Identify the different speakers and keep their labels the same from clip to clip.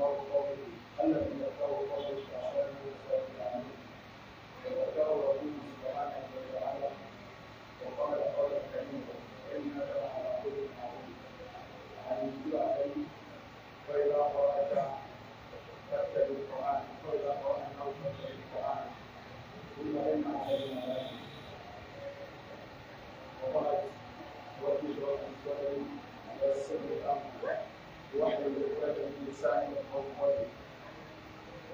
Speaker 1: multiple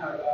Speaker 2: and uh,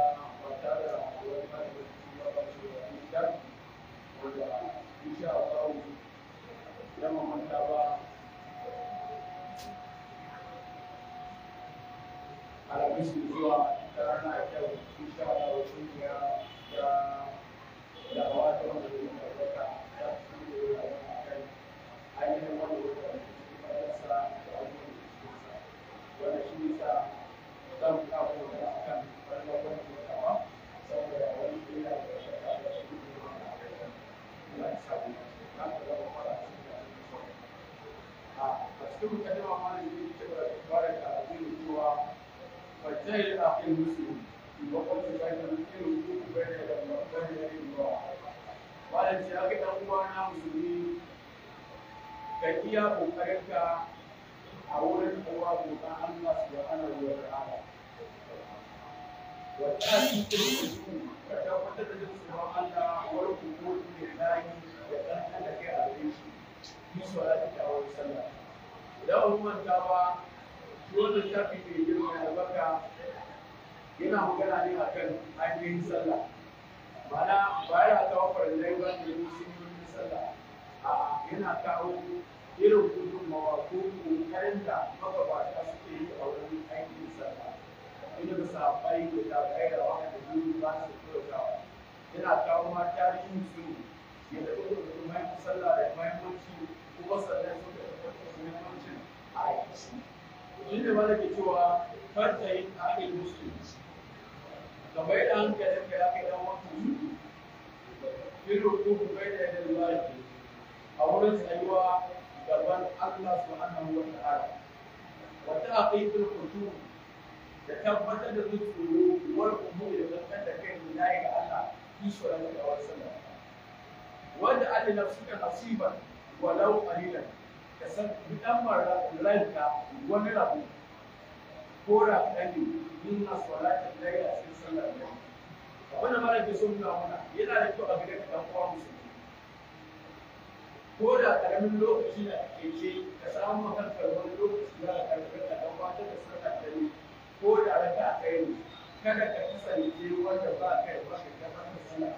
Speaker 2: iya kokarin ka a wurin kowa gobe Allah subhanahu wa ta'ala wa ka tabbatar da tsoron Allah wa lillahi da dan Allah kai a gare shi fi salati ta wa sallah idan umman ta ba girma da baka yana magana ne akan ainihin sallah ma'ana baya kawo farillai ba da yin sun yi sallah yana kawo irin gudunmawa ko kayan da magabata suke yi a wurin aikin sallah inda ba sa bai da ta kaira wa da gudu ba su kyautawa yana kawo ma tarihin su ya da gudun da sallah da mahimmanci kuma sannan suka tabbatar da mahimmancin a aikaci inda mana ke cewa farta yin aƙil musulunci kamar yadda hankalin ka ya kai ɗan wata yi irin gudun bai da yadda a wurin tsayuwa gaban Allah subhanahu wa ta'ala wa ta'aqitul qutub da tabbatar da tsoro wal umuri da tabbatar da kai lillahi ga Allah fi shawara da wasala wanda ali nafsuka hasiban walau qalilan ka san bidan mara ranka wani rabu ko rakani min salati
Speaker 1: laila sai sallar da wannan mara
Speaker 2: ke so nuna mana yana da kyau a gidan ka dan uwa musulmi ko da karamin lokaci da ke ce ka samu kanka wani lokaci za ka karfi ka dan wata da sarka ta yi ko da raka kai ne kada ka kasance wanda ba kai ba ka kafa ka sana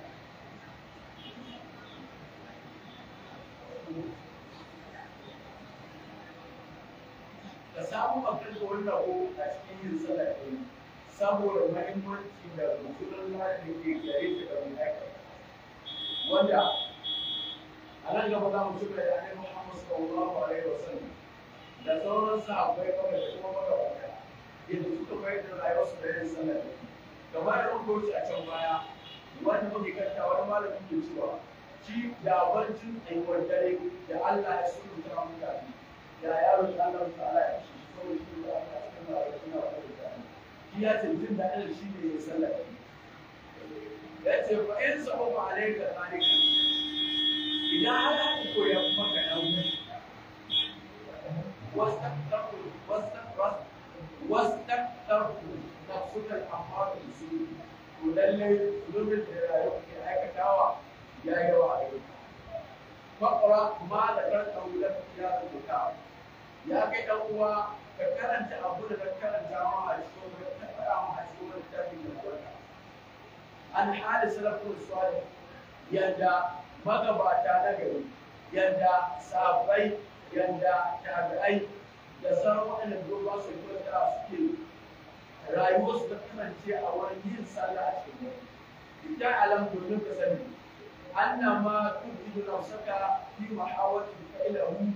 Speaker 2: ka samu kanka wani rabo a cikin yin sallah ɗin saboda mahimmanci da mutumin da ke gare ta da mai wanda dinga faɗa mu cika da annabi Muhammad sallallahu alaihi wasallam da sauran sahabbai kuma da kuma magabata yadda suka bayar da rayuwarsu da yin sallah kamar da muka wuce a can baya wanda muke karta wani malamin ke cewa shi da bancin tsayuwar dare da Allah ya sunanta mutane da yaron Allah ta'ala ya shi saboda shi da Allah ya sunanta mutane ya ce jin daɗin shi ne ya sallaka. Ya ce fa in sabo ba alaikar alaikar idan har an koya kuma ka nauyi واستكثروا نفسك الأمر بالسوء وده اللي ما ذكرته لك في هذا الكتاب يا كتاوى فكرنت أقول لك كرنت جماعة الشغل تفرع مع magabata na gari yadda sabai yadda tabi'ai da sauran waɗanda doba su kyauta suke rayuwar su ta a wurin yin sallah a cikin gari ita alam domin ka sani anna ma tuji da saka fi mahawati fa'ilahu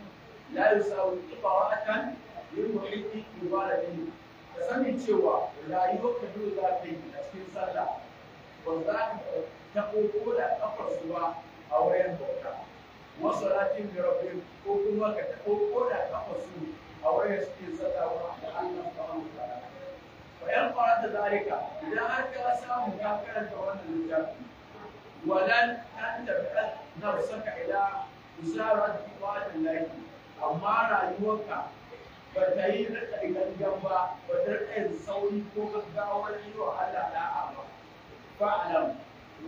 Speaker 2: la yusawi ibaratan lil muhiqqi ne. ka sani cewa rayuwar ka dole za ta yi a cikin sallah ba za ka taɓo ko da ƙafarsu ba a wayan bauta masalacin ratin da ko kuma ka taɓo ko da kafa su a wayan suke sadawa da Allah subhanahu wa
Speaker 1: ta'ala fa yan farata zalika
Speaker 2: idan har ka samu ka karanta wannan littafi walan an tabi'a nafsaka ila usarat ibadatin laki. amma rayuwarka ba ta yi rika gangan ba ba ta rika yin sauri ko gaggawar yi wa Allah da'a ba fa'alam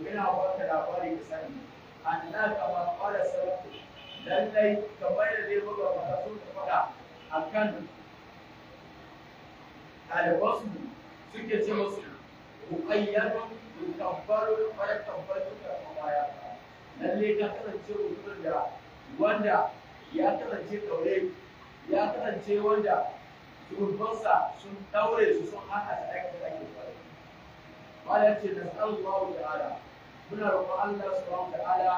Speaker 2: ina baka labari ka sani anna kama qala sallallahu lallai kamar da zai buga maka sun faɗa akan alwasu suke ce musu uqayyadu tukabbaru wa takabbaru ka baya Lallai ka kasance mutum da wanda ya kasance kaure ya kasance wanda zurfansa sun daure su sun haka da aikata ake fara. Malam ce da sallallahu ta'ala muna roƙon Allah subhanahu ala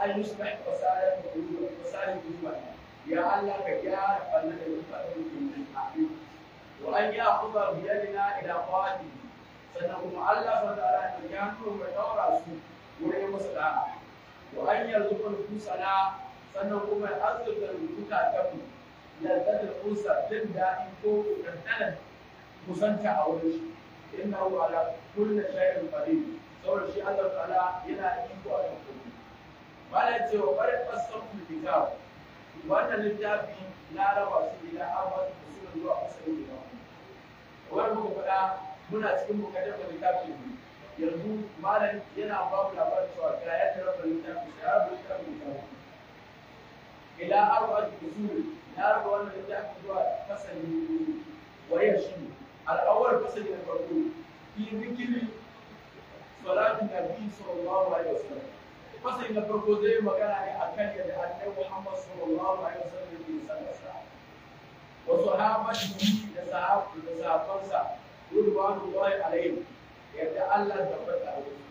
Speaker 2: an yusbah fasada qulubi fasada qulubi ya Allah ka gyara wannan da muka dauke mu amin wa an ya'khudha bi yadina ila qawati sannan kuma Allah subhanahu ta'ala ya yanko mu daura su wurin musu da'a wa an sannan kuma ya azurta rubuta da mu lazzatul jin daɗi ko kankanan kusanta a wurin shi innahu ala kulli shay'in qadir saboda shi Allah ta'ala yana iko a kan malam ce wa bare fasafu kitab wannan littafi na raba su ila arba'a usul zuwa usul da wani muka faɗa muna cikin mukaddamar littafin mu yanzu malam yana ba mu labarin cewa ga ya tara da littafi ya rubuta littafin sa ila arba'a usul na raba wannan littafi zuwa fasali wa yashi al-awwal fasali na farko fi zikri fasali na farko zai magana ne a kan yadda annabi Muhammad sallallahu alaihi wasallam ke sanarsa wa sahabatu da sahabu da sahabansa rudwanullahi alaihim yadda Allah ya tabbata a wurin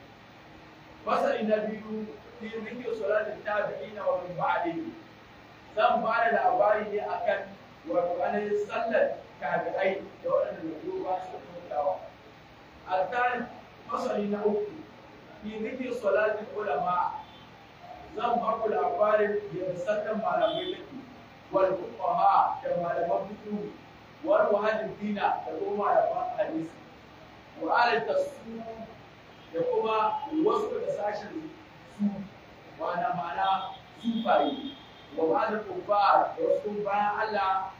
Speaker 2: fasali na biyu fi zikir salatin tabi'ina wa min ba'dihi zan ba da labari ne akan wato ainihin sallar tabi'ai da waɗanda da ba su kyautawa. Al-Tarif fasali na uku fi nufin salatin ulama zan baku labarin da sannan malamai take wal fuqaha da malaman fiqh wal muhaddithina da kuma malaman hadisi wa al tasawuf da kuma wasu da sashen su wa na mana sufayi wa ba'd al kufar da wasu bayan Allah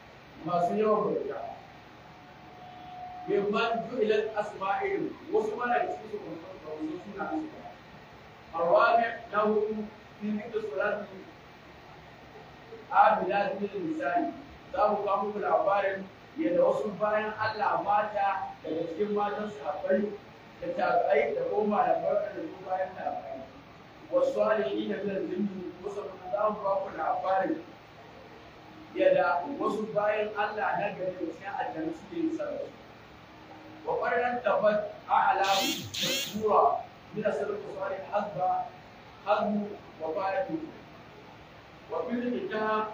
Speaker 2: masu yawan bauta man ju'ilat asma'il wasu mana da su suna الرابع له في ذكر صلاة عابدات من misali. za mu kawo muku labarin yadda wasu bayan Allah mata daga cikin matan sahabbai da tabi'ai da kuma malaman da su bayan tabi'ai wasu alihi da zan jindu wasu kuma za mu kawo labarin yadda wasu bayan Allah na gari da cikin aljanna suke yin sarrafa وقد انتفت اعلى مشهوره من السلف الصالح حسب حسب وفاته وفي الانتهى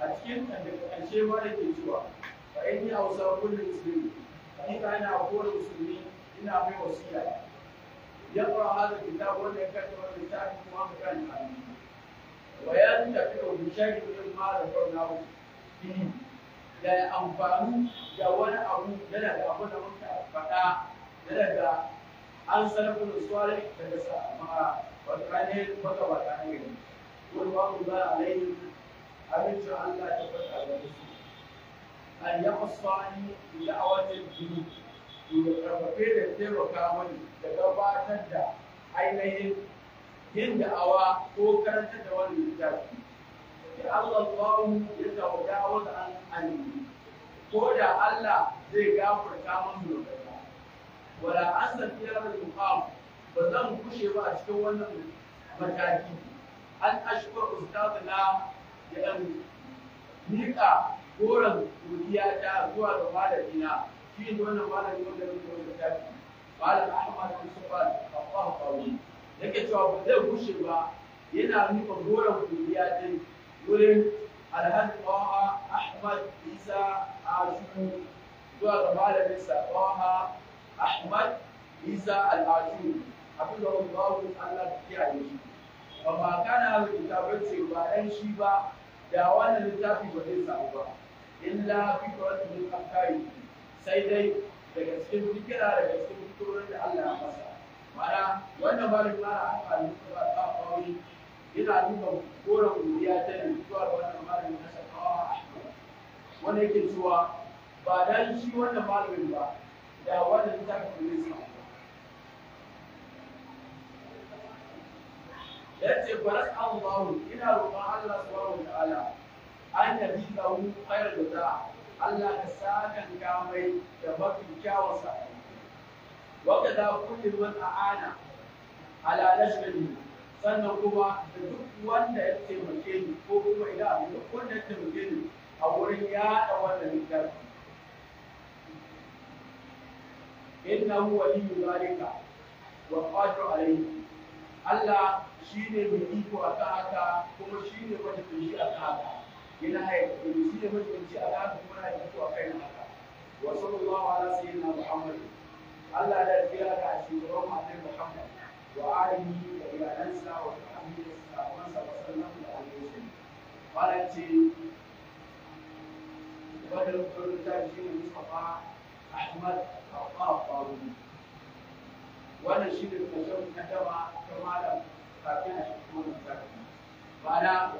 Speaker 2: أتكلم عن شيء ما لك سوى فإني أوصى كل مسلم فإن أنا أقول المسلمين إن أبي وصية يقرأ هذا الكتاب ولا يكتب الكتاب محمد كان وينتفع بشيء مما ذكرناه فيه da ya amfani da wani abu da daga abu da muka faɗa da daga an sarrafa da suwale daga sama wakane baka wakane gani wani babu ba a laifin abinci Allah ta faɗa da su an yi asfani da awatin
Speaker 1: jini to
Speaker 2: karfafe da taimaka mani da gabatar da ainihin yin da'awa ko karanta da wani littafi da Allah ya kawo da'awar an alimi ko da Allah zai gafarta min zunubai wala asan fi hadal muqam ba zan kushe ba a cikin wannan mataki an ashkur ustaz na da yan mika goran godiya ta zuwa ga malamina shi ne wannan malami wanda yake wannan tafi malam Ahmad bin Sufan Allahu qawi yake cewa ba zai kushe ba yana nufin goran godiya din wurin alhaji ƙwaha ahmad isa ashuru zuwa ga malamin sa ahmad isa al'ashuru abin da wani babu allah ta kiyaye shi amma kana da kitabar cewa ba ɗan shi ba da wannan littafi ba zai samu ba illa fi kwaratun alkari sai dai daga cikin fikira daga cikin fitorin da allah ya masa mana wannan malamin ma a hankali ba ta ƙwauri ina duba kora kuriya ta ne zuwa wannan malamin na sakawa ahmad wanda yake cewa ba dan shi wannan malamin ba da wannan ta kuma ne yace baras Allahu ina roƙon Allah subhanahu wataala an da yabi lahu da jaza Allah ka sakan ka mai da mafi kyawun sa wa kada kullu man aana ala nashrihi sannan kuma da duk wanda ya taimake ni ko kuma ina abu duk wanda ya taimake ni a wurin yaɗa wannan littafi innahu waliyyu zalika wa qadru alayhi Allah shi ne mai iko a kan haka kuma shine wanda ke shi a kan haka yana haifa shi ne mutunci a kan haka kuma yana iko a kan haka wa sallallahu ala sayyidina Muhammad Allah ya da ya tsira da shi ga Muhammad وآله وإيمانسا وصحبه وصحبه وسلم وآله قال بدر الفرد مصطفى أحمد أوقاف طاروني وأنا شيل الكشف كتبة كمالا kafin a shi kuma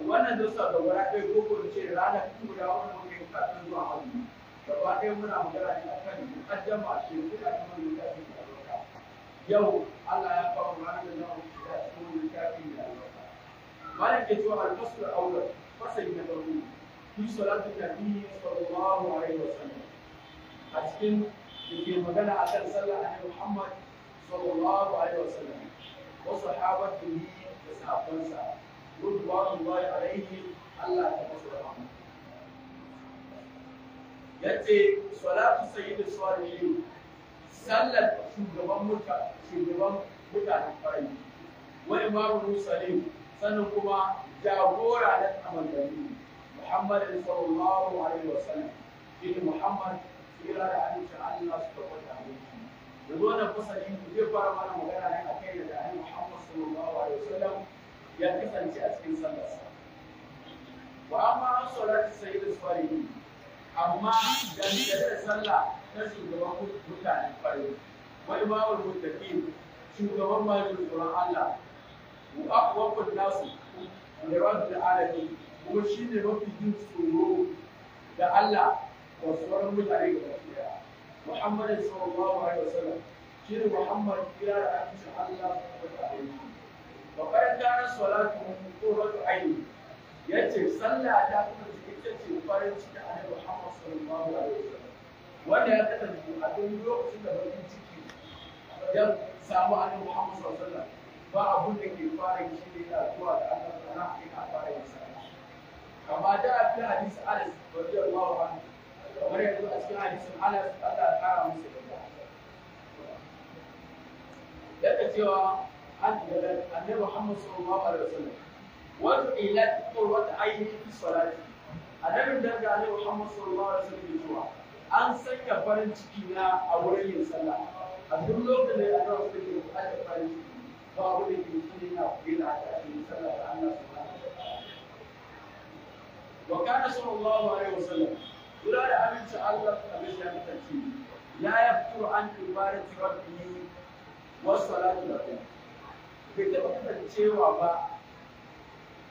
Speaker 2: wannan dusa da wura ɗaya ko ce ranar guda wannan muka yi kafin zuwa hannu gaba ɗaya muna magana ne akan mukaddama shi kuɗa kamar yadda ake yau Allah ya faru ranar da da sunan kafin da malam ke cewa al-fasl al-awwal fasali na farko fi salatu nabi sallallahu alaihi wasallam
Speaker 1: a cikin dake magana akan sallar annabi Muhammad sallallahu alaihi wasallam
Speaker 2: wa sahabatihi da sahabbansa rubbanullahi alaihi Allah ta masa rahama yace salatu sayyidu salihin sallar shugaban mutane shugaban mutane farai wa imamu musa ne sannan kuma jagora na amandani muhammad sallallahu alaihi wa sallam shi muhammad tsira da hadisin allah su tabbata a yanki da zo nan ku zai fara mana magana ne akai da annabi muhammad sallallahu alaihi wa sallam ya kasance a cikin sallarsa wa amma an su sayyidul farihi amma da da sallah na shugaban mutanen kwarai wani mawar mutafi shugaban masu tsoron Allah Mu wa akwakon nasu da rabu da arabi kuma shi ne mafi jin tsoro da Allah wa tsoron mutane ga tafiya Muhammad sallallahu alaihi wasallam shi ne Muhammad kira da ake Allah ta alaihi wa bayan ranar salatu ko rabu aini yace sallah ta kuma ita ce farin ciki a Muhammad sallallahu alaihi wasallam wanda ya kasance a duk lokacin da bakin ciki ya samu annabi muhammadu sallallahu alaihi ba abun da ke fara yi shi ne addu'a da Allah sana ina fara yin sa amma da fi hadisi Anas wa hannu, kamar yanzu a cikin hadisin Anas Allah ya kara masa yarda yadda cewa an daga annabi Muhammad sallallahu alaihi wasallam wato ila wata ayyuka fi salati annabin da ga annabi Muhammad sallallahu alaihi wasallam an sanya farin ciki na a wurin yin sallah a duk lokacin da ya zama suke buƙatar farin ciki ba abu da ke cikin yana kuyela da yin sallah da Allah su ba wa kana sallallahu alaihi wasallam kula da amincin Allah a bisa mutunci la yaftur an ibadati rabbihi wa salatu rabbihi bai taɓa kasancewa ba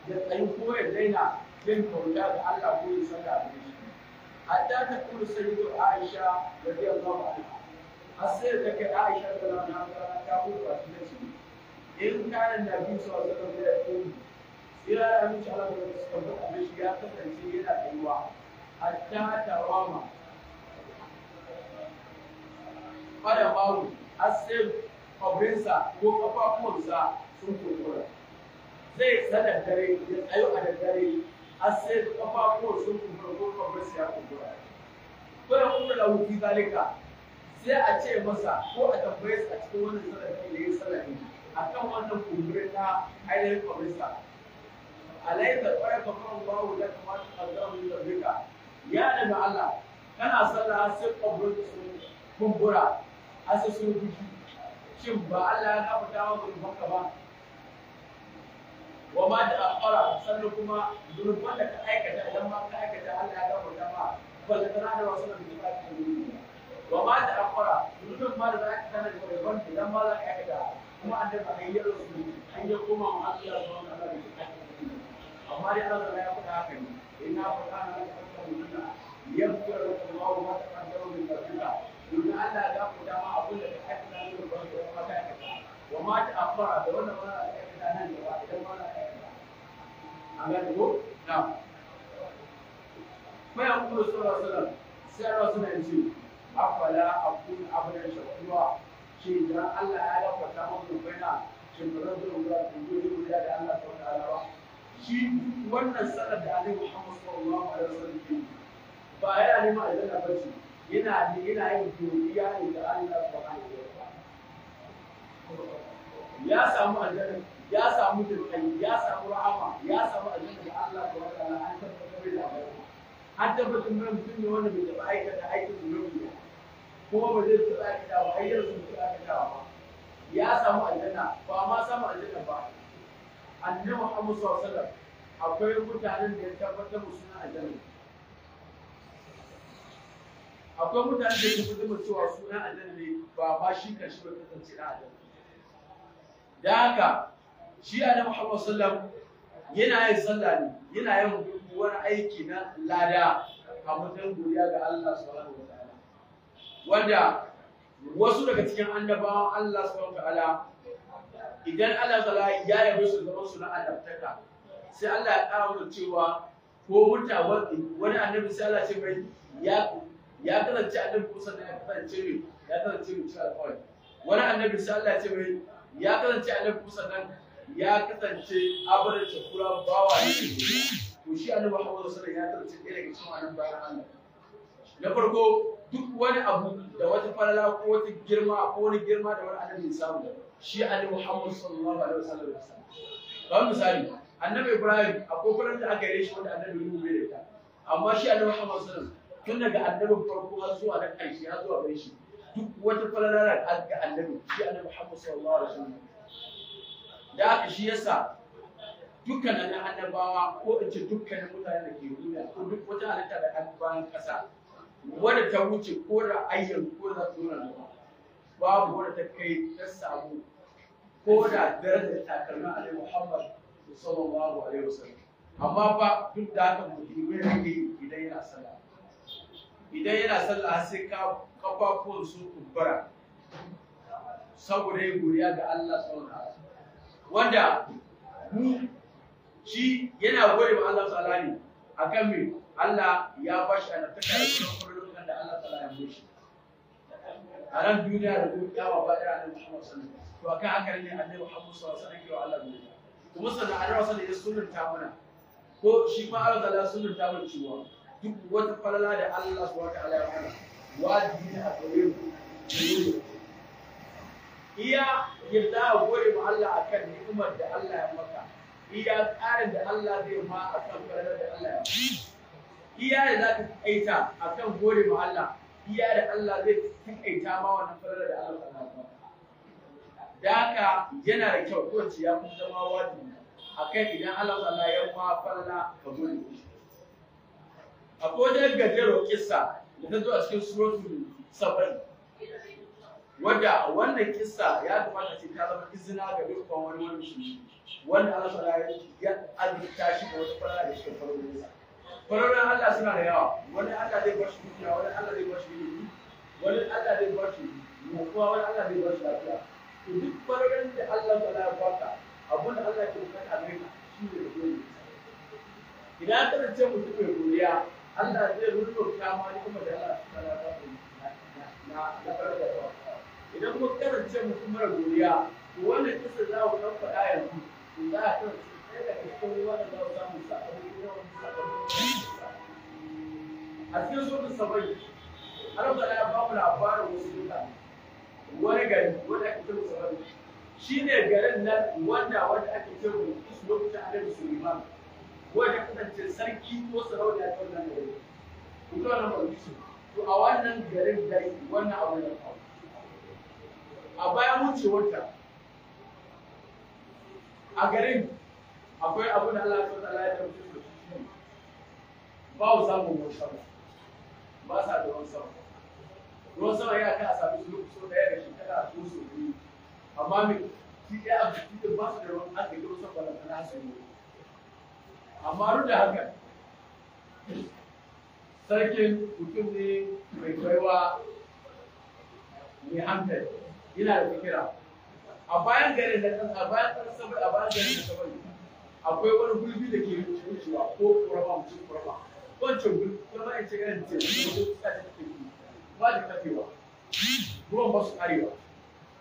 Speaker 2: da ko ya daina yin kauya da Allah ko yin sallah da hatta ta kuma sayyidu Aisha radiyallahu anha har sai da kai Aisha radiyallahu anha ta mutu a cikin shi in kana da bin sa da da yi ira da mun Allah da suka ba da ya kasance yana kaiwa hatta ta rama fara bawo har sai kwabrinsa ko kafafuwansa sun zai sanar dare ya tsayo a daddare har sai kafafuwan sun kumbura ko kamar su ya kumbura kuna kuma da wuki zalika sai a ce masa ko a tambaye su a cikin wannan salafi da ya salafi a kan wannan kumbura ta ainihin kwamista alaika kwaya kafan bawo da kamata a zamu da rika ya daga Allah kana sallah sai kwamfuta su kumbura har sai sun guji shin ba Allah ya kafa dawo gurbin ka ba wa ma da akwara, sannan kuma zunuban wanda ka aikata idan ma ka aikata Allah ya gafarta ma ba da kana da wasu da ba ka yi wa ma da akhara zunubin ma da za ka kana da gaban idan ma za ka aikata kuma an da ba ka yi rasu an yi kuma ma Allah ya zo na da ka amma dai Allah ya faɗa haka ne inna qur'ana la da yaghfiru Allahu ma taqaddama min dhanbika domin Allah ya gafarta ma abin da ka aikata da ba ka aikata wa ma da akwara, da wannan ma za ka aikata nan da ba alaƙo na mai an kuma sura sura ce afala shakuwa shi Allah ya lafata maka baina shin ba zan zo ga dubi guda da Allah ta wata shi wannan sanar da Annabi Muhammad sallallahu alaihi wasallam ba yana neman aljanna ba ce yana yana yin godiya ne ga Allah subhanahu
Speaker 1: wa ta'ala
Speaker 2: ya samu aljanna ya samu jirgin ya samu rahama ya samu da Allah ta wata na an tabbatar da labarin an tabbatar da mutum ne wanda bai taɓa aikata aikin zunubi ba kuma ba zai taɓa aikata ba har yanzu bai taɓa aikata ba ya samu aljanna ba ma samu aljanna ba annabi Muhammad sallallahu alaihi akwai mutanen da ya tabbatar da na aljanna akwai mutane da ya tabbatar cewa suna aljanna ne ba ma shi kashi ba kasance da aljanna da haka shi annabi Muhammad Sallam yana yin sallah ne yana yin wani aiki na lada a matsayin godiya ga Allah subhanahu wataala wanda wasu daga cikin annabawan Allah subhanahu wataala idan Allah ta'ala ya yabe su zaman su na annabtaka sai Allah ya ƙara mana cewa ko mutawa wani annabi sai Allah ce mai ya ya kasance annabi ko sannan ya kasance mai ya kasance mai cikin alƙawari wani annabi sai Allah ce mai ya kasance annabi ko sannan ya kasance abin shakura bawa ya ce to shi annabi Muhammad sallallahu alaihi ya tarce ɗaya daga cikin wannan bayan Allah na farko duk wani abu da wata falala ko wata girma ko wani girma da wani annabi samu shi annabi Muhammad sallallahu alaihi wasallam ya samu Ba misali annabi Ibrahim akwai falala da aka yi shi wanda annabi Nuhu bai da amma shi annabi Muhammad sallallahu alaihi wasallam tun daga annabin farko har zuwa na ƙarshe har zuwa bai shi duk wata falala da aka annabi shi annabi Muhammad sallallahu alaihi wasallam da aka shi yasa dukkanin na annabawa ko in ce dukkanin mutane da ke duniya ko duk wata halitta da bayan ƙasa wadda ta wuce ko da ayyan ko da tsoron ba babu wadda ta kai ta samu ko da darajar takalmin alaihi muhammad da a alaihi wasallam amma ba duk da aka mutum ya yi idan yana sallah idan yana sallah sai ka kafafuwan su kumbura saboda ya godiya ga Allah sallallahu alaihi wanda mu shi yana gode wa Allah ta'ala ne akan me Allah ya bashi annabtaka da lokacin da Allah ta'ala ya bashi a ran duniya da gobe kyawa ba da annabi Muhammad sallallahu alaihi wasallam to akan haka ne annabi Muhammad sallallahu alaihi wasallam Allah ne kuma sannan annabi sallallahu alaihi wasallam ya sunanta mana ko shi ma Allah ta'ala sunan ta mana cewa duk wata falala da Allah subhanahu wa ta'ala ya mana wajibi ne a gare mu iya yalla a gode ma Allah akan ni'imar da Allah ya maka iya tsarin da Allah zai ma akan farar da Allah ya maka iya da za ka aita akan gode ma Allah iya da Allah zai takaita ma wannan farar da Allah ya maka da haka yana da kyau ko ya kun zama wani wajibi akan idan Allah Allah ya ma farla ka gode akwai wajen gajero kissa da ta zo a cikin suratul saba'in wadda wannan kissa ya kamata ce ta zama izina ga dukkan wani wani shi wanda Allah ta'ala ya azurta shi da wata fara da shi da nesa farorin Allah suna da yawa wani Allah zai bar shi dukiya wani Allah zai bar shi dukiya wani Allah zai bar shi mutuwa wani Allah zai bar shi lafiya to duk farorin da Allah ta'ala ya baka abun da Allah ke kan amina shi ne godiya idan ka tace mutum mai godiya Allah zai rubuta ma kuma da Allah ta'ala ya baka na na farko idan muka karance mu kuma godiya to wannan kisa za mu ɗan faɗa yanzu in za a karance
Speaker 1: ɗaya daga cikin wannan za mu samu sakamako yawan sakamako
Speaker 2: a cikin sunan sabai har da ya ba mu labarin wasu mutane wani gari wanda ake cewa sabai shi ne garin nan wanda wanda ake cewa su lokacin su Suleiman wanda kasance sarki ko sarauta ta wannan gari. Kuma wannan ba to a wannan garin dai wannan abu ya faru. a bayan wucewarta a garin akwai abin da Allah ta ya tabbata da shi ba wa samun ruwan sama ba sa da ruwan sama ruwan sama yana kan a sami su lokaci da daya da shekara a su biyu amma mai shi abu shi da ba su da ruwan ake yi ruwan sama da kana hasari amma duk da haka sarkin mutum ne mai baiwa mai hankali yana da fikira a bayan garin da kan a bayan kan sabai a bayan garin da sabai akwai wani gulbi da ke wucewa ko kurama mutum kurama wancan gulbi kuma ya ce garin ce ko ta ta ke ba da kafewa ruwan ba su karewa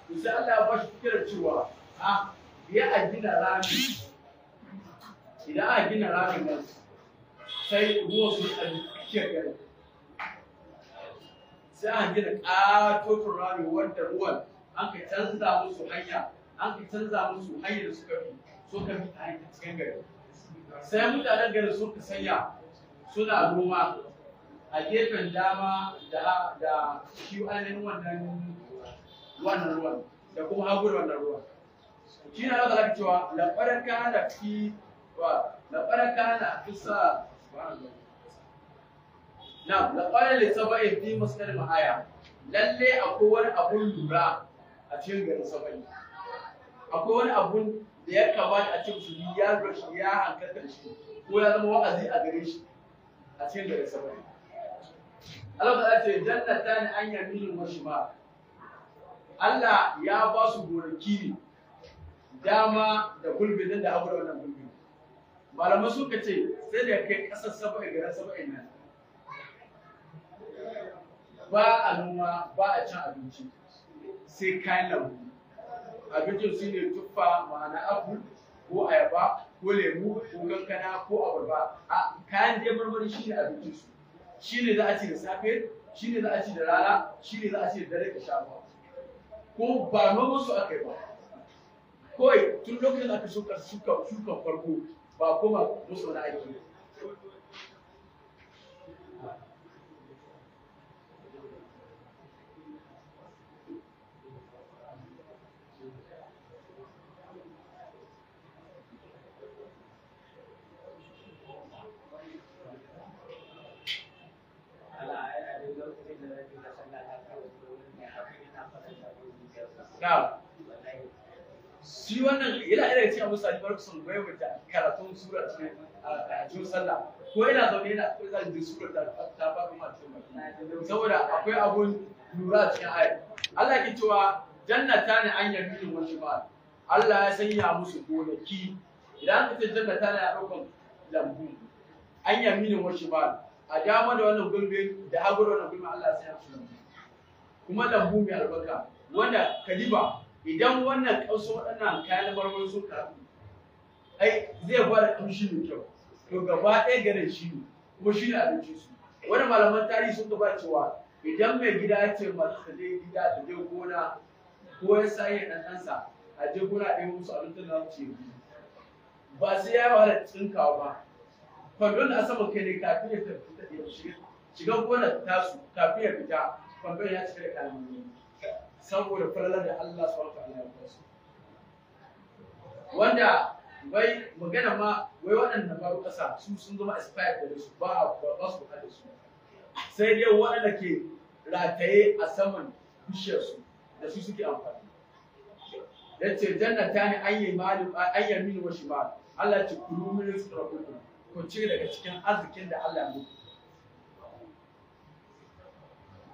Speaker 2: to sai Allah ya ba shi fikirar cewa a ya a gina rami idan a gina ramin nan sai ruwan su a cikin garin sai a gina ƙatoton rami wanda ruwan an canza musu hanya an canza musu hanyar da suka bi ka bi ta hanyar cikin gari sai mutanen gari suka sanya suna noma a gefen dama da da shi ainihin wannan wannan ruwan da kuma hagu wannan ruwan shi na zaka cewa labarar kana fi wa labarar kana fi sa na labarar lissafa fi masalar ma'aya lalle akwai wani abun lura a cikin garin sabani akwai wani abun da ya kamata a cikin musulmi ya rashi ya hankalta shi ko ya zama wa'azi a gare shi a cikin garin sabani Allah ta ce ne an yamini wa shimal Allah ya ba su gonaki ne dama da gulbi nan da abu da wannan gulbi malamai suka ce sai da kai kasar saba'i garin saba'i nan ba a noma ba a cin abinci sai kayan lambu abincin su ne tuffa ma'ana abu ko ayaba ko lemu ko kankana ko abarba a kayan dai marmari shi ne abincin su shi ne za a ci da safe shi ne za a ci da rana shi ne za a ci da dare ka sha ba ko ba noma su aka yi ba kawai tun lokacin da aka shuka shuka farko ba kuma musu wani aiki shi wannan yana ɗaya daga cikin abu sa'ad bar kusan goyi wata karatun sura a cikin sallah ko yana zaune yana akwai zan ji sura ta ta
Speaker 1: faɗi ma cikin saboda
Speaker 2: akwai abun lura a cikin ayat Allah ke cewa ta ne an yamini wani ba Allah ya sanya musu gonaki idan ka ce jannata ne a ɗaukan lambu an yamini wani ba a dama da wannan gulbe da hagu da wannan gulbe Allah ya sanya musu lambu kuma lambu mai albarka wanda kaliba idan wannan kausa waɗannan kayan marmarin sun karu ai zai fara kamshi mai kyau to gaba ɗaya garin shi ne kuma shi ne abincin su wani malaman tarihi sun gaba cewa idan mai gida ya ce masu ta je gida ta je gona ko ya sa yin ɗanɗansa a je gona ɗaya musu abincin da ce ba sai ya wahala tsinkawa ba kwandon a sama kai ne kafin ya tafi ta shiga gonar tasu kafin ya fita kwandon ya cika da kalmomi saboda falalar da Allah su wa ta'ala ya su wanda wai magana ma wai waɗanda baro ƙasa su sun zama aspire da su ba a ba su da su sai dai waɗanda ke rataye a saman bishiyarsu su da su suke amfani ya ce janna ta ne an yi malu an yi mini washi ba Allah ce kulu min rabbukum ku ci daga cikin arzikin da Allah ya muku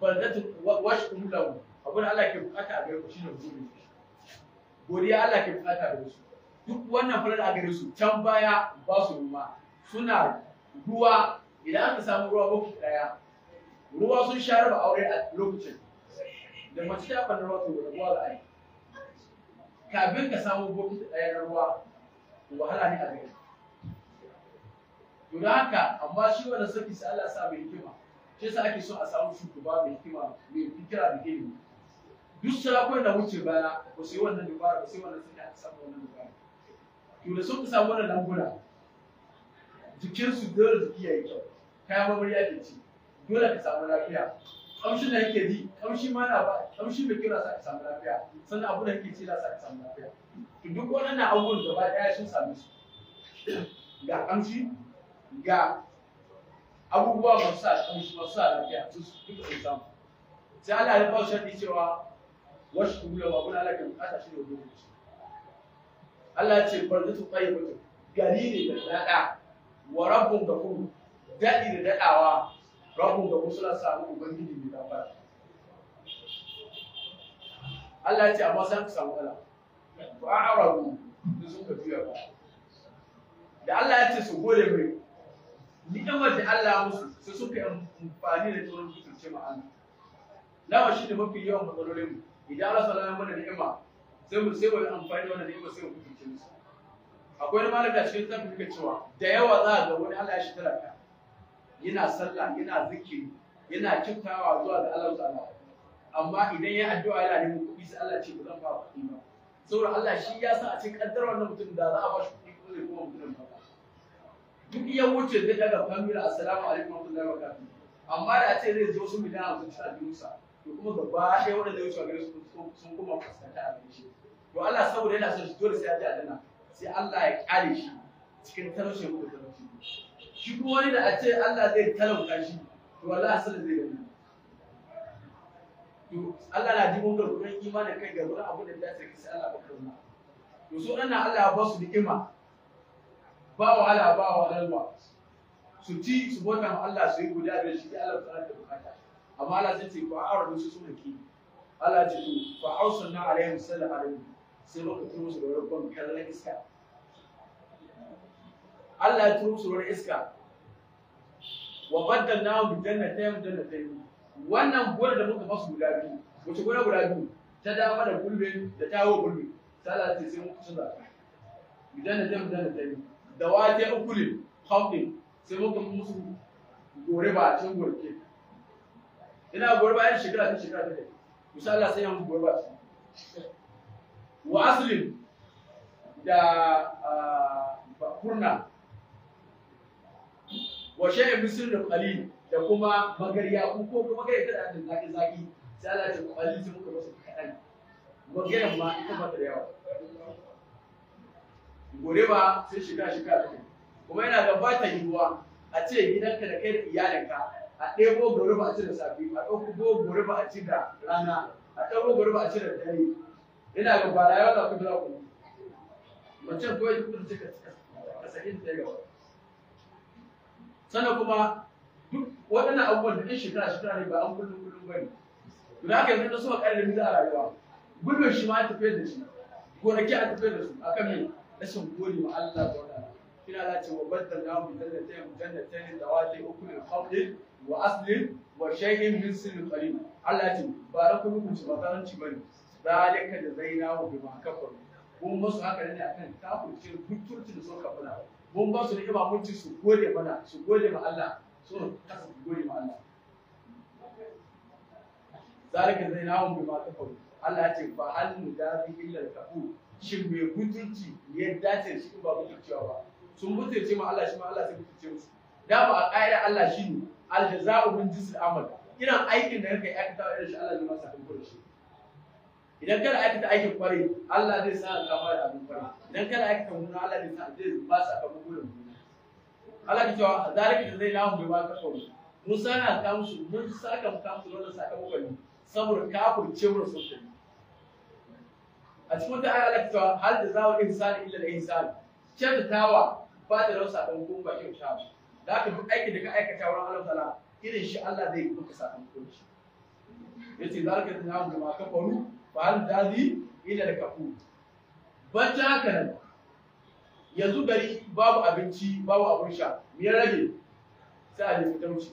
Speaker 2: balzatu washkum kullu abin Allah ke bukata a gare ku shine gobe godiya Allah ke bukata a su duk wannan farar a gare su can baya ba su ruwa suna ruwa idan aka samu ruwa bakwai daya ruwa sun sha raba aure a lokacin da mace ta fara ruwa to ruwa za a yi ka samu bokiti ɗaya na ruwa wahala ne a gare to da haka amma shi wanda sarki sai Allah ya sa mai hikima shi yasa ake so a samu shugaba mai hikima mai fikira da ilimi duk sarakunan da wuce baya ba su yi wannan dubara ba su yi wannan sai aka samu wannan dubara to da sun samu wannan lambuna jikinsu dole jiki ya yi kyau kayan mamari ake ci dole ka samu lafiya kamshin da yake ji kamshi ma na ba kamshi mai kira sa ka samu lafiya sannan abu da yake ci za sa ka samu lafiya to duk waɗannan abubuwan gaba ɗaya sun same su ga kamshi ga abubuwa masu sa kamshi masu sa lafiya sun duka sun samu sai Allah ya ba su cewa washkuru lahu abun Allah mu bukata shi ne gode shi Allah ya ce barzatu tayyibatun gari ne da daɗa wa rabbun gafur daɗi da dadawa rabbun gafur suna samu ubangiji mai gafara Allah ya ce amma sai ku samu kala ku a'arabu da sun ka juya ba da Allah ya ce su gode mai ni'imar da Allah ya musu sai suka yi amfani da turan kusurce ma'ana lawa shi ne mafi yawan matsalolin mu idan Allah sallallahu alaihi wasallam ni'ima sai mu sai mu amfani da wannan ni'ima sai mu kutunce musu akwai wani malami a cikin zan fika cewa da yawa za ga wani Allah ya shi talaka yana sallah yana zikiri yana kiftawa zuwa ga Allah ta'ala amma idan ya addu'a yana neman kuɗi sai Allah ce ba zan ba kuɗi ba saboda Allah shi ya sa a cikin kaddar wannan mutum da za a ba shi kuɗi ko zai koma mutum ba duk iya wuce zai daga famila assalamu alaikum wa rahmatullahi wa barakatuh amma da a ce zai zo su miliyan hamsin cikin aljihunsa
Speaker 1: to kuma gaba ɗaya
Speaker 2: waɗanda ya gare su sun kuma
Speaker 1: fuskanta a gare shi
Speaker 2: to Allah saboda yana son shi dole sai ya ji aljanna sai Allah ya kyale shi cikin talauci ko talauci shi kuma wani da a ce Allah zai talauta shi to wallahi asali zai gani to Allah na jibin garkunan imanin kai ga garkunan abin da ya tsaki sai Allah ba karuna to su ɗan Allah ya ba su ni'ima ba wahala ba wahalarwa su ci su bauta ma Allah su yi guda da shi Allah ta da bukata amma Allah sai ce ba a rabu shi suna ki Allah ce to na ausunna alaihim sallallahu alaihi sai muka turo musu da rabban kallon iska Allah ya turo musu wani iska wa yi bi ta yi wannan gona da muka basu guda biyu wace gona guda biyu ta dama da gulbe da tawo gulbe sallah ce sai muka mu bi ta yi. da wata ukul khawdin sai muka musu gore ba a cikin gorke ina gurba 'yan shekara ta shekara ta ne insha Allah sai yanzu gurba wa aslin da kurna wa shay'in misrin qalil da kuma magariya ko ko kuma kai ta da zaki zaki sai Allah ya qalil sai muka wasu kadan magariya ma ita ba ta yawa gore ba sai shiga shiga kuma yana gabata yiwuwa a ce gidanka da kai da iyalinka a ɗebo gobe ba a ci da safi a ɗauko gobe ba a ci da rana a ɗauko gobe ba a ci da dare ina ga ba rayuwa za ku jira ku wancan ko yi kudin cika ka sakin ta yawa sannan kuma duk waɗannan abubuwan da ɗin shekara shekara ne ba an kullum kullum ba ne to da haka yanzu da suka ƙarfi za a rayuwa gulbin shi ma an tafiyar da shi gonaki a tafiyar da su kan yi rashin gode ma Allah wa ta'ala kina Allah ce wa baddalna mu da jannatayn uku ukulin khadid wa aslin wa shay'in min sirrin qalil Allah ce barakun muku ci makaranci bane zalika da zainahu bi makafar mun ba su haka ne akan kafirce gutturci da suka fada mun ba su da imamunci su gode mana su gode ma Allah so kasa su gode ma Allah zalika zainahu bi makafar Allah ya ce fa hal mudabi illa al-kafur shin mai gutturci ya dace shi ba gutturciwa ba sun mutunce ma Allah shi ma Allah sai mutunce musu da ba a ƙa'ida Allah shi ne aljaza'u min jinsil amal irin aikin da kai aikata wa irin shi Allah zai ma sakamako da shi
Speaker 1: idan kana aikata aikin
Speaker 2: kwarai Allah zai sa ka fara abin kwarai idan kana aikata mummuna Allah zai sa zai ba sakamako da mummuna Allah ya ce wa da zai lahu bi ba kafaru mun sana ka musu mun saka ka musu wannan sakamakon ne saboda kafirce mu sun a cikin wata ayar Allah ta hal da zawo insani illa al-insan kyautatawa ba da rausa don ko ba kyauta ba da haka duk aikin da ka aikata wurin Allah ta'ala irin shi Allah zai yi maka sakamakon shi yace zalika tanhamu da ma kafaru fa hal tadi ila da kafu bacci haka nan yanzu gari babu abinci babu abin sha me ya rage sai a nemi talauci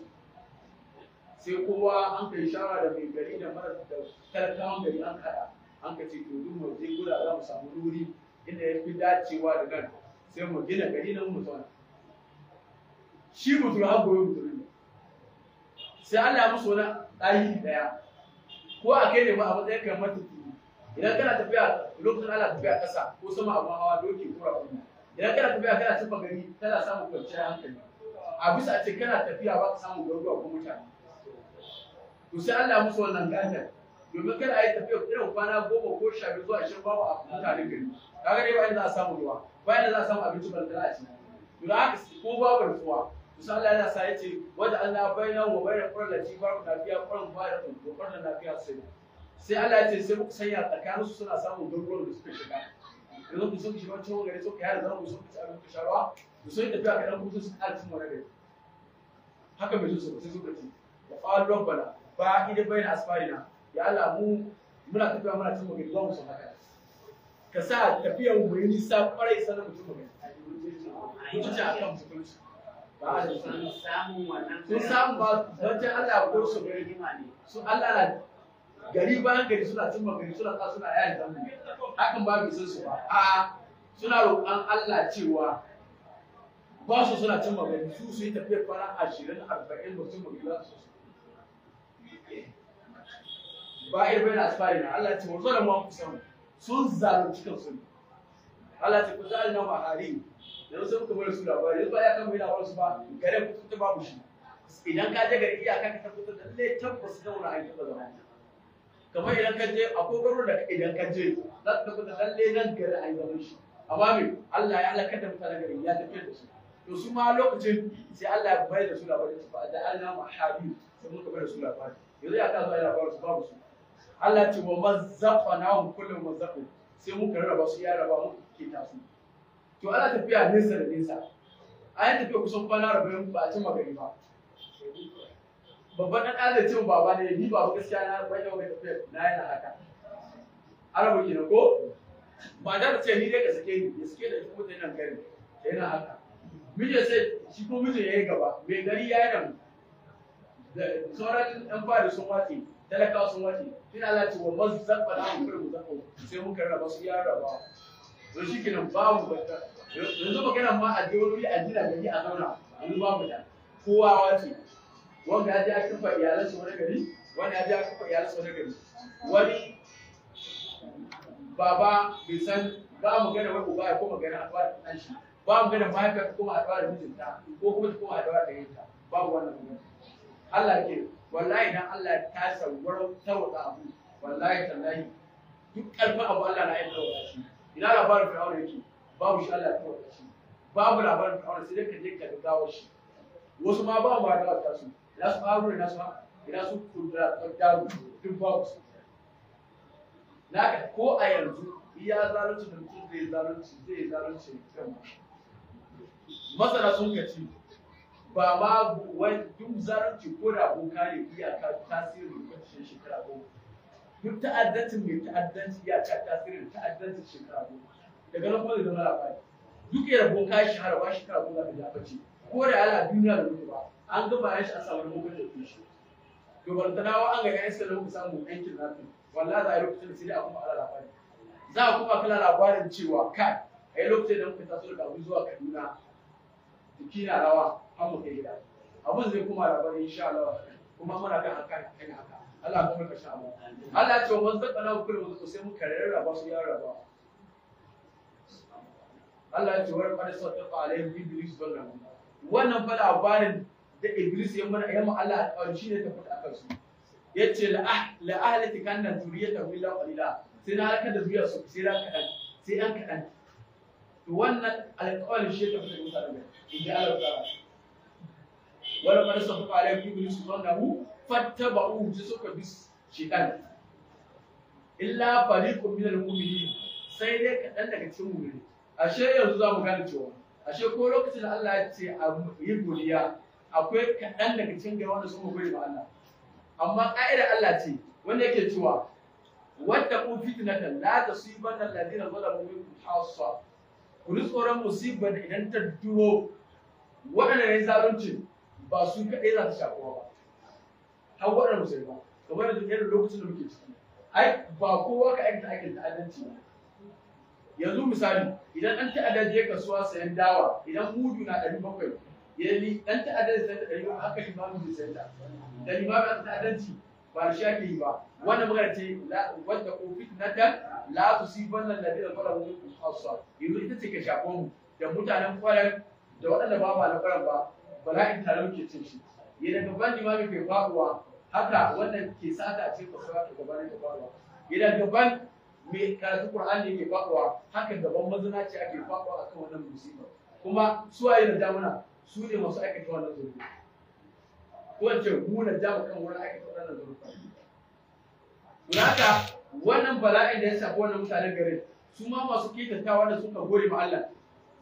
Speaker 2: sai kowa an kai shara da mai gari da mara da talakawan gari an kada an ka ce to duk mai je gura za mu samu wuri inda ya fi dacewa da gani sai mu gina gari nan mu zauna shi mutum har gobe mutum ne sai Allah ya musu wani ɗahi ɗaya ko a kai ne ma a matsayin kan matuki idan kana tafiya lokacin ana tafiya ƙasa ko sama abu hawa doki kura, kuma idan kana tafiya kana tafa gari kana samun kwanciyar hankali a bisa a ce kana tafiya ba ka samun garuruwa ko mutane to sai Allah musu wannan gatan domin kada a yi tafiya irin kwana goma ko sha biyu zuwa ashirin babu a mutane gari kaga dai wa'anda za a samu ruwa wa'anda za a samu abinci balantana a cikin to da haka ko babu rantsuwa musa Allah yana sa yace wanda Allah bayyana wa bayyana qur'an lati barku lafiya qur'an ba da kun qur'an lafiya sai sai Allah ya ce sai ku sanya tsakanin su suna samun gurbin da suke shiga yanzu ku sun shiga cikin gari suka yara zama ku sun ci abin ku sharuwa ku sun tafiya ka dan hutu su ƙara cin wani gari haka bai so sai su ka ci da fa'al rabbana ba ida bayyana asfarina ya Allah mu muna tafiya muna cin gari zamu mu san haka ka sa tafiyan mu yi nisa kwarai sanar mutum gani wuce a kan musulunci ba sun samu wannan sun samu ba wajen Allah ko su gari su Allah na gari bayan gari suna cin magani suna ta suna yaya zamani hakan ba bai san su ba a suna roƙon Allah cewa ba su suna cin magani su su yi tafiyar kwana ashirin arba'in mutum magani za su ba irin asfari na Allah ce mu zo da mu an kusa mu sun zalunci kansu ne Allah ce ku zalina ma hari yanzu sai muka bar su labari yanzu ba ya kan mai labarin su ba gare ku ta babu shi idan ka je gari iyaka ka tabbatar da lalle tabbas da wani aiki ba zama kamar idan ka je a garuruwan da idan ka je za ka da lalle nan gari a yi zaman shi amma me Allah ya halaka da mutanen gari ya tafi da su to su ma lokacin sai Allah ya bayar da su labarin su ba da Allah ma habi sai muka bar su labari yanzu ya ka zo labarin su babu su Allah ce wa kullum kullu mazzaqu sai muka rarraba su ya raba muka ta su
Speaker 1: to ana tafiya nesa da
Speaker 2: nesa a yi tafiya kusan kwana arba'in ba a cimma gari ba babban ɗan ɗan cin baba ne ni ba gaskiya na yau wani tafiya na yana haka arabu kenan ko ba da ce ni dai ka sake ni ya sake da shi kuma nan gari yana haka mijin sai shi ko mijin ya yi gaba mai gari ya yi nan sauran ɗan fari sun wace. talakawa sun wace sai Allah ce wa mazzaqqa la kullu muzaqqu sai muka raba su ya raba to shikenan babu batta yanzu magana ma a je wuri a jira gari a zauna Yanzu ba mu da kowa wace wanda ya je a kafa iyalan su wani gari wanda ya je a kafa iyalan su wani gari wani baba bai san ba mu gana wani uba ya ko magana a fara ɗan shi ba mu gana mahaifiyar ko a fara mijinta ko kuma ko a fara ɗayanta. babu wannan magana Allah ke wallahi dan Allah ta sawar sauka abu wallahi tallahi duk karfi abu Allah na yin sauka shi ina labarin fir'auna yake babu shi Allah ta wata shi babu labarin fir'auna sai dai ka je ka gawo shi wasu ma ba mu da ta su ina su faru ina su ina su kudura daru duk babu su naka ko a yanzu iya zalunci da mutum zai zalunci zai zalunci kan masana sun kaci ba ba wani duk zarar ko da aboka kare iyaka tasirin kwanciyar shekara goma duk ta'addancin mai ta'addanci iyaka tasirin ta'addancin shekara goma daga nan kuma zama labari duk ya rabo ka shi haraba shekara goma da ya bace ko da ala duniya da mutu ba an gama ya shi a samu mugun da ke shi to dawo an ga ya iska lokacin samun aikin zafi wallahi za a yi lokacin sai dai a kuma ala labari za a kuma kala labarin cewa kai a yi lokacin da muka taso daga abu zuwa kaduna jiki na rawa haka kai gida abin zai kuma rabar sha Allah kuma muna kan haka kan haka Allah kuma sha mu Allah ya ce wa zaka na kullu sai mun karrara su ya raba Allah ya ce wa qad sadaqa alaihim iblis ballahu wannan fa labarin da iblis ya mana ayyama Allah alƙawari shine ta fita akan su yace la ah, la ahlati kanna zuriyata illa qalila sai na halaka da zuriyar su sai ran kadan sai an kadan wannan alƙawarin shi ta fita akan su inda Allah ta wala qad safaqa alayhi iblis subhanahu fattaba'u suka bi shaytan illa fariqun min al-mu'minin sai dai kaɗan daga cikin wuri. ashe yanzu za mu gane cewa ashe ko lokacin da Allah ya ce a yi godiya akwai kaɗan daga cikin gaba wanda sun gode ma Allah amma ƙa'idar Allah ce wanda yake cewa wadda ku fitnatan la tusibanna alladhina mu minkum khassa ku tsoron musibar idan ta duro waɗanda ne zalunci ba su kaɗai za ta shafuwa ba har waɗanda musulma kamar yanzu yadda lokacin da muke ciki ai ba kowa ka aikata aikin ta'addanci ba yanzu misali idan ɗan ta'adda je kasuwa sayan dawa idan mudu na ɗari bakwai yanzu ɗan ta'adda da sayan ɗari bakwai haka limamin bai sayan da. da limamin ɗan ta'addanci ba da shi ake yi ba wannan magana ce wanda ko fitnatan la tusiban nan ladina qalamu khassa yanzu ita ce ka shafo mu da mutanen kwaran da waɗanda ba ba na kwaran ba bala'in tare muke cin shi ya daga ban limami ke faɗuwa haka wannan ke sata ce ba ta gaba ne da faɗuwa ya daga ban mai karatu ne ke faɗuwa haka gaban mazuna ce ake faɗuwa akan wannan musiba kuma su yi da damuna su ne masu aikata wannan zurfi ko in ce muna na jamu kan wurin aikata wannan zurfi Naka wannan bala'in da ya shafi wannan mutanen garin su ma masu kitattawa da suka gore ma Allah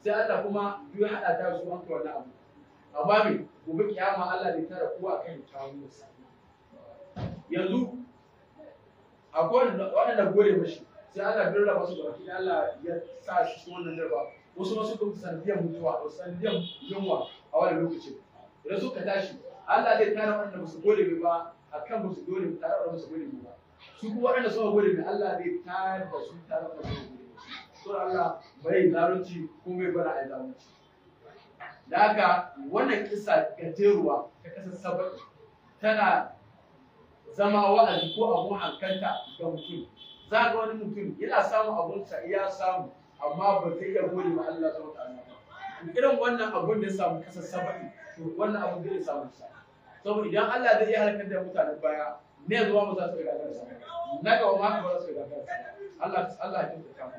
Speaker 2: sai Allah kuma ya haɗa ta su wanka wannan abu amma me gobe kiyama Allah zai tara kowa kan kawunansa yanzu akwai waɗanda gode mashi sai Allah bin raba su baki Allah ya sa shi su wannan darba wasu wasu kuma sanadiyar mutuwa da sanadiyar yunwa a wani lokaci idan suka tashi Allah zai tara waɗanda ba su gode ba akan ba su gode ba tare da su gode ba su kuma waɗanda suka gode ba Allah zai tara da su tare da su gode ba to Allah bai zalunci ko bai bara ai zalunci daga wannan kisa gajeruwa ta kasar sabar tana zama wa'azi ko abun hankanta ga mutum za ga wani mutum yana samun abunsa iya samu amma ba zai iya gode ma Allah subhanahu wataala ba irin wannan abun da ya samu kasar sabai to wannan abun ya samu sa saboda idan Allah zai iya halakar da mutane baya ne zuwa mu za su ga kansa na ga ma ba za su ga kansa Allah Allah ya tunta mu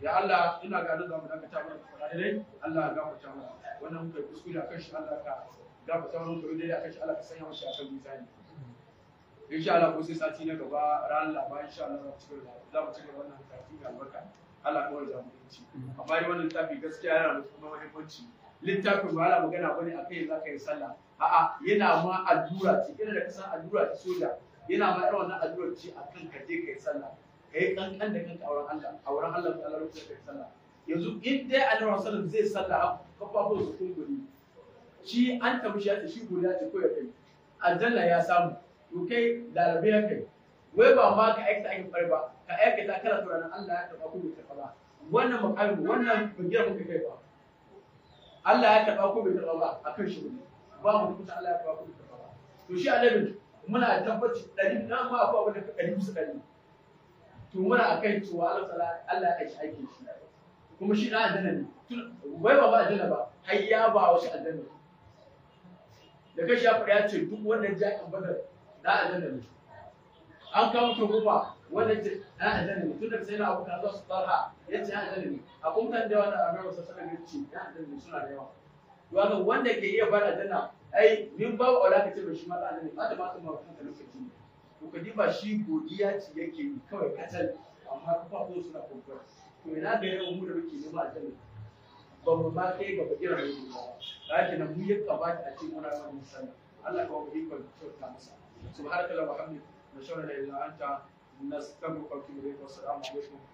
Speaker 2: ya Allah ina ga nan zamu dakata mu da dai Allah ya gafarta mu wannan muka yi kuskure akan shi Allah ka gafarta wannan muka yi daidai akan shi Allah ka sanya mashi akan misali insha Allah ko sai sati na gaba ran laba insha Allah za mu gaba wannan tafi da albarka Allah kawai za mu ci amma dai wannan littafi gaskiya yana da kuma muhimmanci littafin ba ana magana bane akai za ka yi sallah a'a yana ma addu'a ce kina da kasan addu'a ce soja yana ma irin wannan addu'a ce akan ka je ka sallah ka yi kankan da kanka auren Allah auren Allah ta Allah rubuta ka sallah yanzu in dai annabi sallallahu zai sallah kafafun su kumburi shi an tabi shi ta shi ya ce ko ya kai aljanna ya samu to kai larabe ya kai wai ba ma ka aikata aikin bari ba ka aikata kana turanin Allah ya taba ku ta taba ba wannan makamu wannan bugira muka kai ba Allah ya taba ku ta taba a kan shi ba mu kuta Allah ya taba ku ta taba ba to shi annabi muna tabbaci ɗari na ma ba wanda ka ɗari su ɗari to muna akai cewa Allah ya aiki shi kuma shi ɗan aljanna ne bai ba ba dana ba har ya ba wasu aljanna da shi ya faɗi ya ce duk wannan jakin badar ɗan aljanna ne an kawo to kuma wannan ce ɗan ne tun da sai na abu kan su tsara ya ce ɗan aljanna ne a kumtan da wannan abin wasu sanar da ce ɗan aljanna ne suna da yawa wato wanda ke iya bada dana? ai min ba wa ka ce mai shi ma ɗan aljanna ba da ba ta ma kanka lokaci ne ko ka ba shi godiya ce yake kawai kacal amma kafa suna kwamfura to ina ga yawan mu da muke nema a jami'a ba mu ma kai ba mu kira mai ba ba ki na mu ya kamata a ce muna son musalla Allah ka wani ikon kyauta masa
Speaker 1: subhanaka wa bihamdika nashhadu an la ilaha illa anta nastaghfiruka wa natubu ilayk wa assalamu alaikum